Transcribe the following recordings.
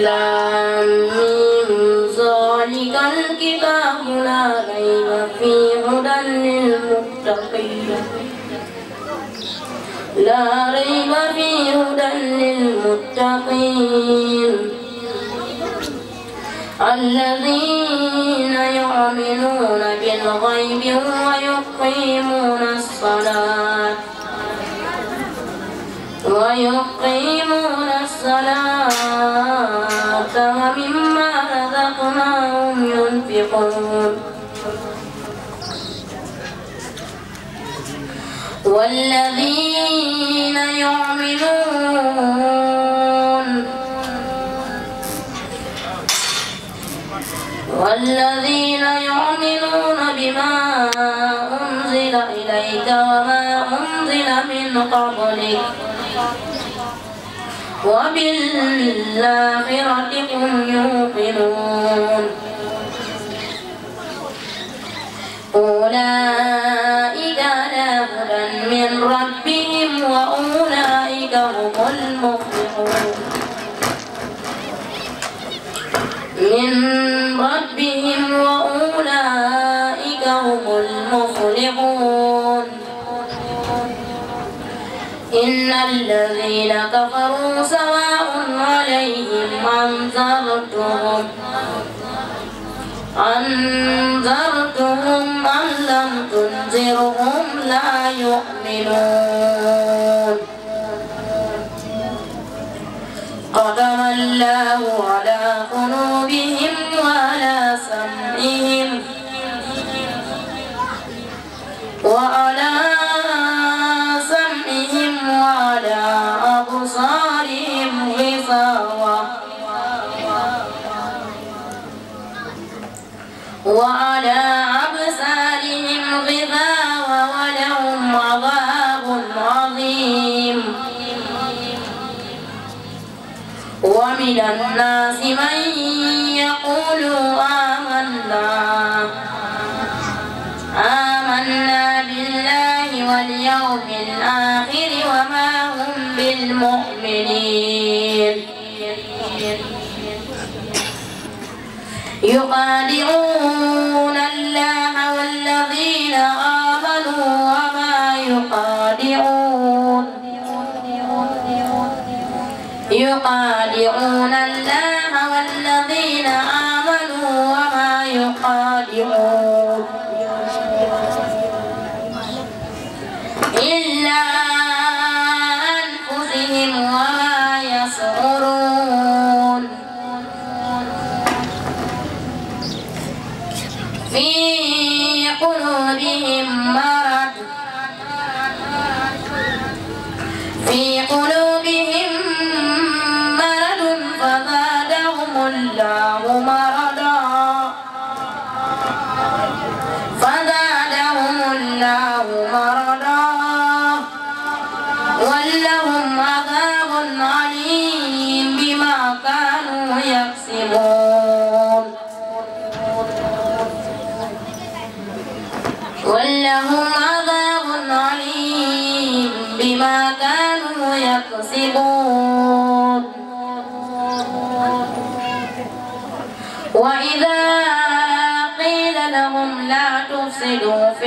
ذلك الكتاب لا ريب في هدى للمتقين لا ريب هدى للمتقين الذين يؤمنون بالغيب ويقيمون الصلاة ويقيمون والذين يؤمنون والذين يؤمنون بما أنزل إليك وما أنزل من قبلك وبالآخرة هم يوقنون أولئك من ربهم وأولئك هم المفلحون من ربهم وأولئك هم المفلحون إن الذين كفروا سواء عليهم أنذرتهم أنذرتهم أم لم تنذرهم لا يؤمنون قدر الله على قلوبهم وعلى سمعهم وعلى سمعهم وعلى أبصارهم غطاوة وعلى ومن الناس من يقول آمنا آمنا بالله واليوم الآخر وما هم بالمؤمنين يخادعون الله والذين آمنوا وما يخادعون يخادعون في قلوبهم مرض في قلوبهم مرض فزادهم الله مرضا فزادهم الله مرضا ولهم عذاب عليم بما كانوا يقسمون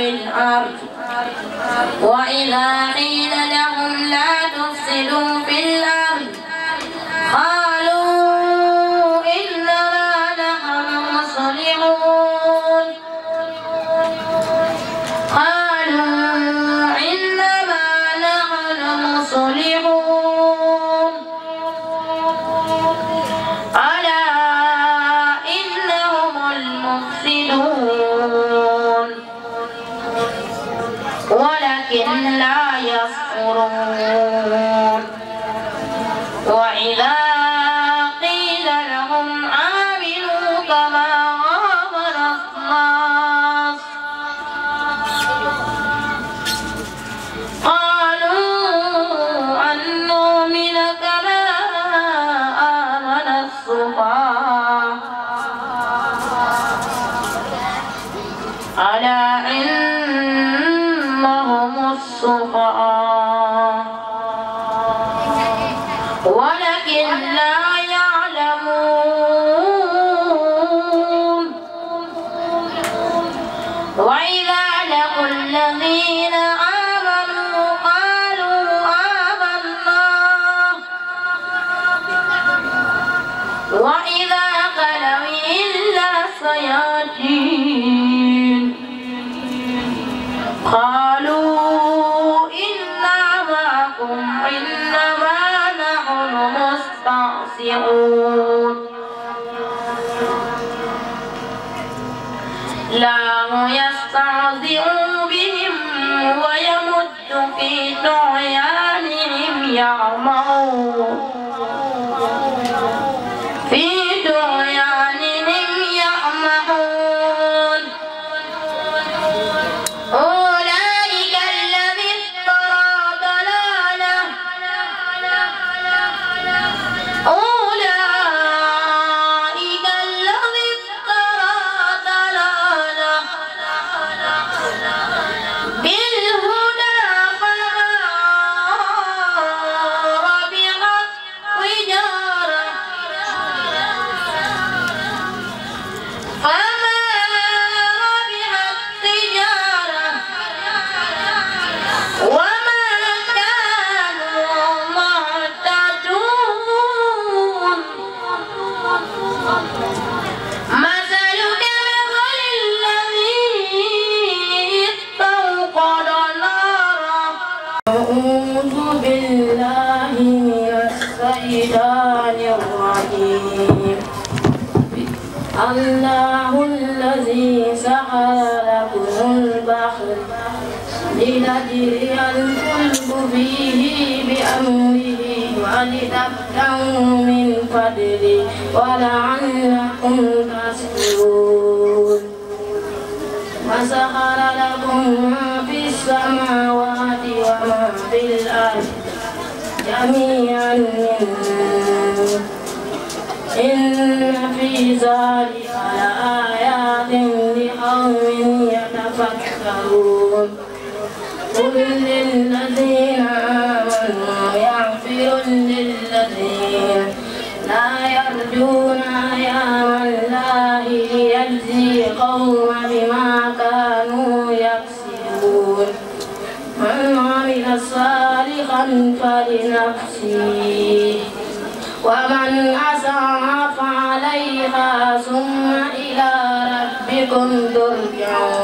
في الأرض وإذا قيل لهم لا تفسدون لا يستعذئ بهم ويمد في طغيانهم يعمرون الذي يلطف فيه بأمره ولتبتغوا من فضله ولعلكم تشكرون وسخر لكم ما في السماوات وما في الأرض جميعا منه إن في ذلك لآيات لقوم يتفكرون قل للذين آمنوا لا يرجون قوم بما كانوا يكسبون من عمل فلنفسه ومن أسعى فعليها ثم إلى ربكم ترجعون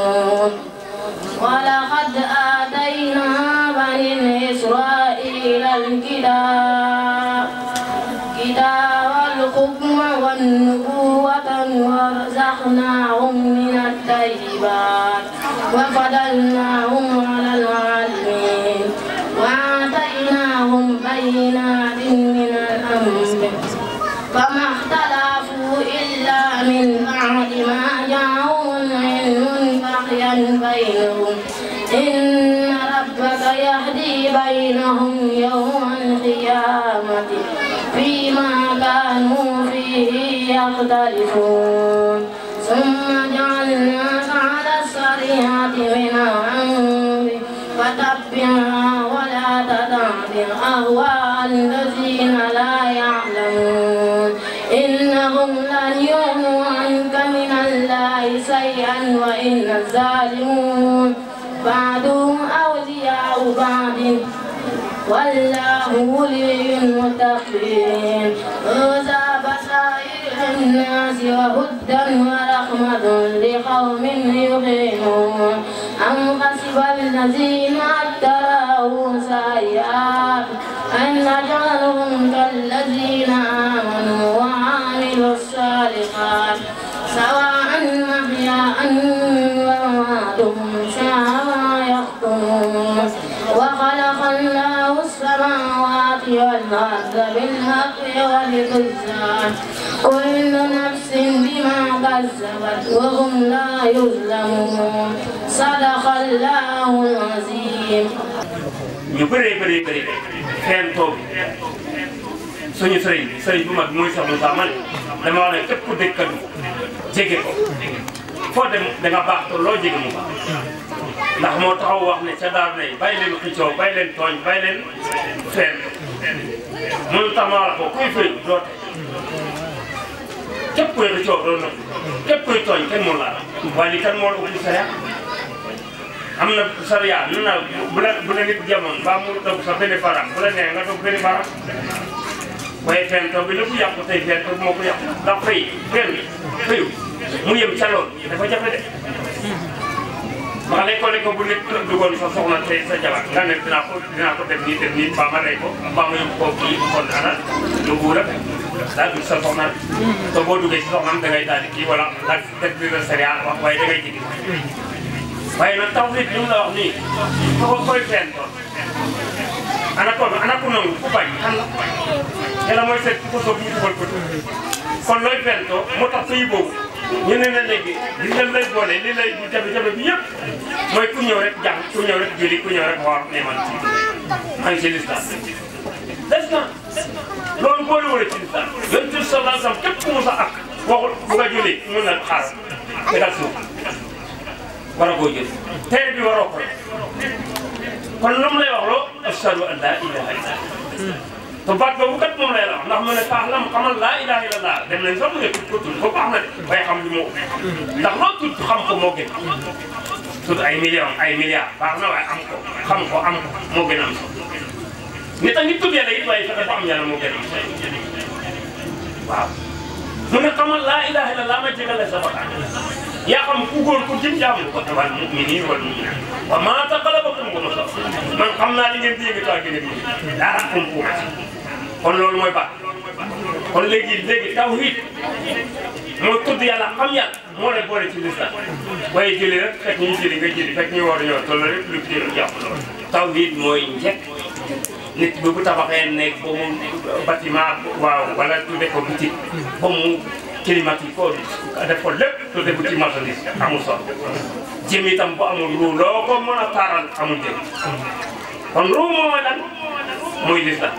الكتاب كتاب الحكم والنبوة ورزقناهم من الطيبات وفضلناهم يختلفون ثم جعلناك على الصريعة بناء فتبعها ولا تدع أهواء الذين لا يعلمون إنهم لن يغنوا عنك من الله شيئا وإن الظالمون بعدهم أولياء بعد والله ولي المتقين الناس وهدى ورحمة لقوم يقيمون أم حسب الذين اتبعوا سيئات أن نجعلهم كالذين آمنوا وعملوا الصالحات سواء محياء ومماتهم ساء يختمون وخلق الله السماوات والأرض بالحق والميزان كذبت وهم لا يظلمون صدق الله العظيم ñu bëree bëree bëri fenn toog suñu sëriñ sëriñ bu mag muy saxlu sa man dama wax ne képp ku dëkk kadu jege ko foo dem da nga baax te loo jege mu baax ndax moo taxaw wax ne ca daar nay bàyyi leen xëccoo bàyyi leen tooñ bàyyi leen fenn mënu tax ma wax ko kuy fay doote képp kuy lu coow doon noppi képp kuy tooñ kenn moo laal waaye li kan moo la ubbi sariya am na sariya lu na bu la bu la nit jamoon mbaa mu toog sa benn baram bu la nee nga toog benn baram waaye fenn toog bi lépp yàqu tey fenn toog moo ko yàqu ndax fay fenn fayu mu yem ca lool dafa jafe de wax lay ko ne ko bu nit duggoon sa soxna te sa jabar nga ne dinaa ko dinaa ko def nii def nii mbaa ma rey ko mbaa ma yóbbu ko kii kon ana lu wuura daal du sol soxna te boo duggee si soxnaam dangay daal di kii wala ndax def bi la sariya wax waaye dangay jigi waaye nag tawhid li mu la wax nii ko koy fenn ana ko ana ko nangu ku bañ kan la yàlla mooy seet ko soob ñu dugal ko kon looy fentoo moo tax sëy boobu ñu ne la léegi li leen lay boole li lay jafe-jafe bi yëpp mooy ku ñëw rek jàng ku ñëw rek julli ku ñëw rek xoor ne man ci maa ngi ci lislam loolu boolewul ci lislaam yonent bi sallallahu alayhi wa sallam képp ku mu sa ak waxul bu nga julli mun na xaar nga daal suuf war a koo jël tey bi waroo ko kon lu mu lay wax loo ashhadu an laa ilaaha illallaah te baat boobu kat moom lay la wax ndax mu ne faax lam xamal laa ilaaha illallaah dem nañ sax mu ne tudd ko tudd ko baax na de bay xam li moo ndax loo tudd xam ko moo gën tudd ay millions ay milliards baax na waaye am ko xam ko am ko moo gën am nit ak nit tudd yàlla it waaye fexe ba am yàlla moo gën a waaw mu ne laa ilaha illa laa ma jégale sa bakkan yaa xam ku góor ku jëm jaamu ko wal mu'miniin wal mu'minaat wa maa taqallabakum man xam naa li ngeen di yëngu taa gën a dugg dara am ku ma kon loolu mooy baax kon léegi léegi tawhid mooy tudd yàlla xam yàlla moo lay boole ci lislam waaye jëlee rek fekk ñuy jëli nga jëli fekk ñuy war a ñëw toll rek lu jëli jàpp nit bi bu tabaxee nekk ba mu bâtiment waaw wala tudde ko boutique ba mu climatique ko def ko lépp tudde ci marchandise amul solo jëm itam bu amul ruu loo ko mën a taaral amul jëm kon moo mooy lan mooy lislam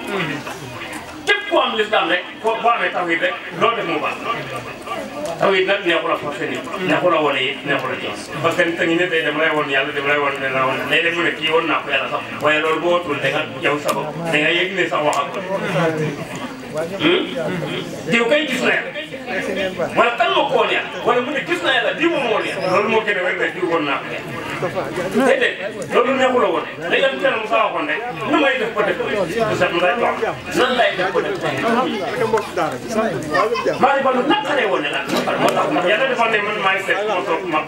ku am lislaam rek foo boo amee tawhid rek loo def mu baax tawhid nag neexul a forcé nit neexul a wane it neexul a jox parce que nit a ngi ne day dem lay woon yàlla dem lay woon ne laa woon lay dem mu ne kii woon naa ko yàlla sax waaye loolu boo watul da nga yow sabab da nga yëg ne sax waxal ko hmm? diw kay gis na yàlla wala tan ma ko woon yàlla wala mu ne gis na yàlla diw moom woon yàlla loolu moo gën a wér diw woon naa ko déedéet loolu neexul a woon léegi am teram sa waxoon rek na may def ko def bisam lay wax nan lay def ko def maa ngi balu naqaree woon ne la moo tax ma yàlla defoon ne man maa ngi seet moo toog ma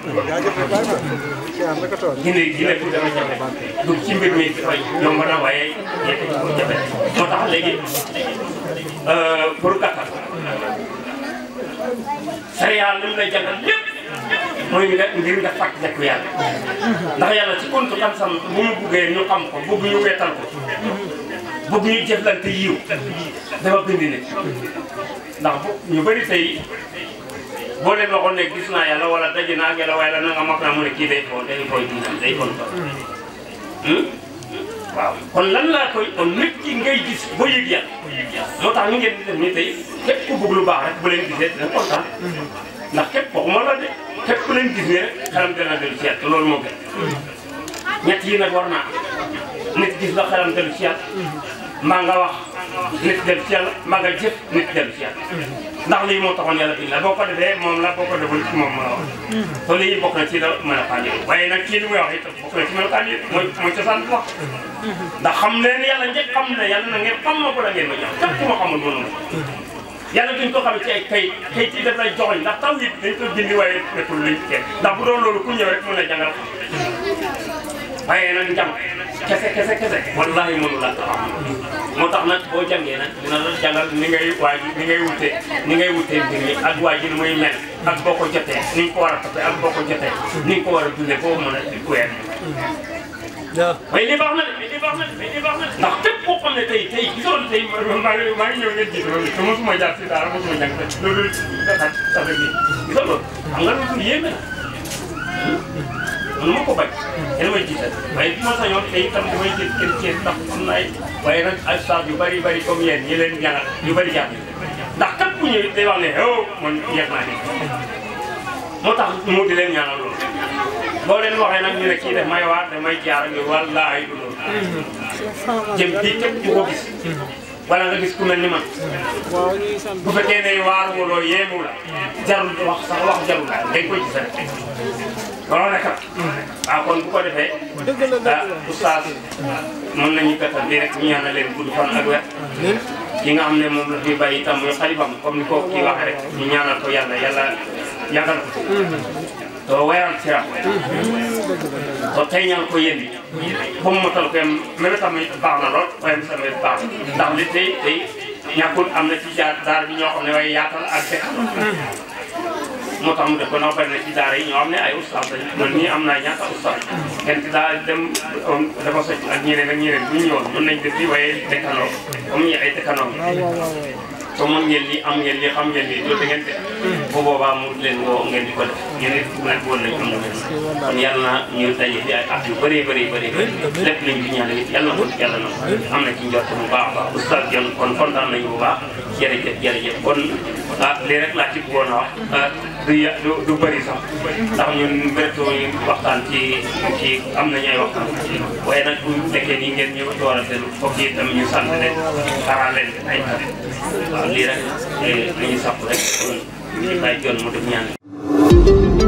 ñu ne ji nekk dama jafe dugg ci mbir mi dafay yomb na waaye yéen a ko jafe moo tax léegi pour gàttal sariya li mu lay jàngal lépp mooy ñu de ngir nga fàttaliku yàlla ndax yàlla ci kontu xam-xam mu buggee ñu xam ko bugg ñu wetal ko bëgg ñu jëflante yiw dafa bind ne ndax bu ñu bëri tey boo ko waxoon ne gis naa la wala daje naa ak yàlla waaye la na nga naa mu ne kii day foon day koy ko hmm? waaw kon lan laa koy kon nit ki gis boo yëg yàlla moo tey képp ku bëgg lu baax rek bu leen gisee dina kontaan ndax képp waxuma la de te ku gis ne rek xelam dana dellu si yàlla loolu moo gën ñett yi nag war naa nit gis ba xelam dellu si yàlla maa nga wax nit dellu si yàlla maa nga jëf nit dellu si yàlla ndax moo taxoon yàlla bi la boo ko moom la boo ko deful ci moom ma la wax te lii bokk na ci la mën a fànn waaye wax itam bokk na ci mën a fànn mooy mooy xam leen yàlla njëkk xam ne yàlla na ngeen xam ma ko la ngeen ma jox képp ku ma xamul mënu ma yàlla duñ ko xam ci ay kayit kayit yi daf lay joxoñ ndax taw yi dañ ko dindi waaye nekkul luñ kenn ndax bu doon loolu ku ñëw rek mën na jàngal xam waaye nag njàng kese kese kese wallahi mënu la ko am moo tax nag boo jàngee nag dina la ni ngay waaj ni ngay wute ni ngay wutee mbir mi ak waaj yi muy mel ak boo ko jotee ni nga ko war a toppee ak boo ko jotee ni nga ko war a dundee boo mën a weer mais lii baax na de mais lii baax na de mais lii baax na de ndax képp koo xam ne tey tey gisoon tey maa ngi maa ngi ñëw ngeen gis loolu te mosuma jaar si daara mosuma jàng te loolu dafa dafa gis gisoo loolu xam nga loolu yéeme na loolu moo ko bañ. yéen a may jiital waaye bi ma sañoon tey itam damay jël kenn ceeb ndax am na ay waaye nag ay saag yu bëri bëri comme yéen ñi leen ñaanal yu bëri jàpp ndax kat bu ñëwee day wax ne oh man yéex naa moo tax mu di leen ñaanal loolu. boo leen waxee nag ñu ne kii def may waar damay jaar ñu wallaahi du loolu jëm bii képp ku ko gis wala nga gis ku mel ni man bu fekkee ne waar mu loo yéemu la jarul wax sax wax jarul la dañ koy gis rek loolu rek la ah, kon bu ko defee ah oustaz mën nañu gàttal di rek ñu ñaanal leen gudd fan ak wér ki nga xam ne moom la fi bàyyi itam muy xalifam comme ni ko kii waxee rek ñu ñaanal ko yàlla yàlla yàggal ko doo weeral siram doo teñal ko yéen ba mu motal ko yam même baax na lool waaye mu tamit baax ndax li tey tey ñàkkul am na ci jaar bi ñoo xam ne waaye yaatal ak dekkal moo tax mu def ko noo bari na ci daara yi ñoo xam ne ay ustaas lañ man nii am naa ñaata ustaas kenn ci daara dem dafa soj ak ñeneen ak ñeneen bu ñu ñëwoon mën nañ def di waaye dëkkandoo comme ñu ay dëkkandoo te mun ngeen li am ngeen li xam ngeen li loolu da ngeen def bu boba mu leen go ngeen di ko def ngeen di fu nekk woon nañ am ngeen kon yàlla na ñu tay di ay at yu bari bari bëri lépp lañ fi ñaan nit yalla ko yalla na am na ci njort bu baax baax oustaz Dione kon kontaan nañ bu baax jërëjëf jërëjëf kon ah lii rek la ci bu a wax du ya du du bëri sax ndax ñun béréb yi waxtaan ci am nañu ay waxtaan waaye nag bu nekkee nii ngeen ñu door a dellu foog yi tam ñu sant leen xaaral leen ay xarit waaw lii rek la ñuy sàpp rek ñu bàyyi yoon mu def ñaan.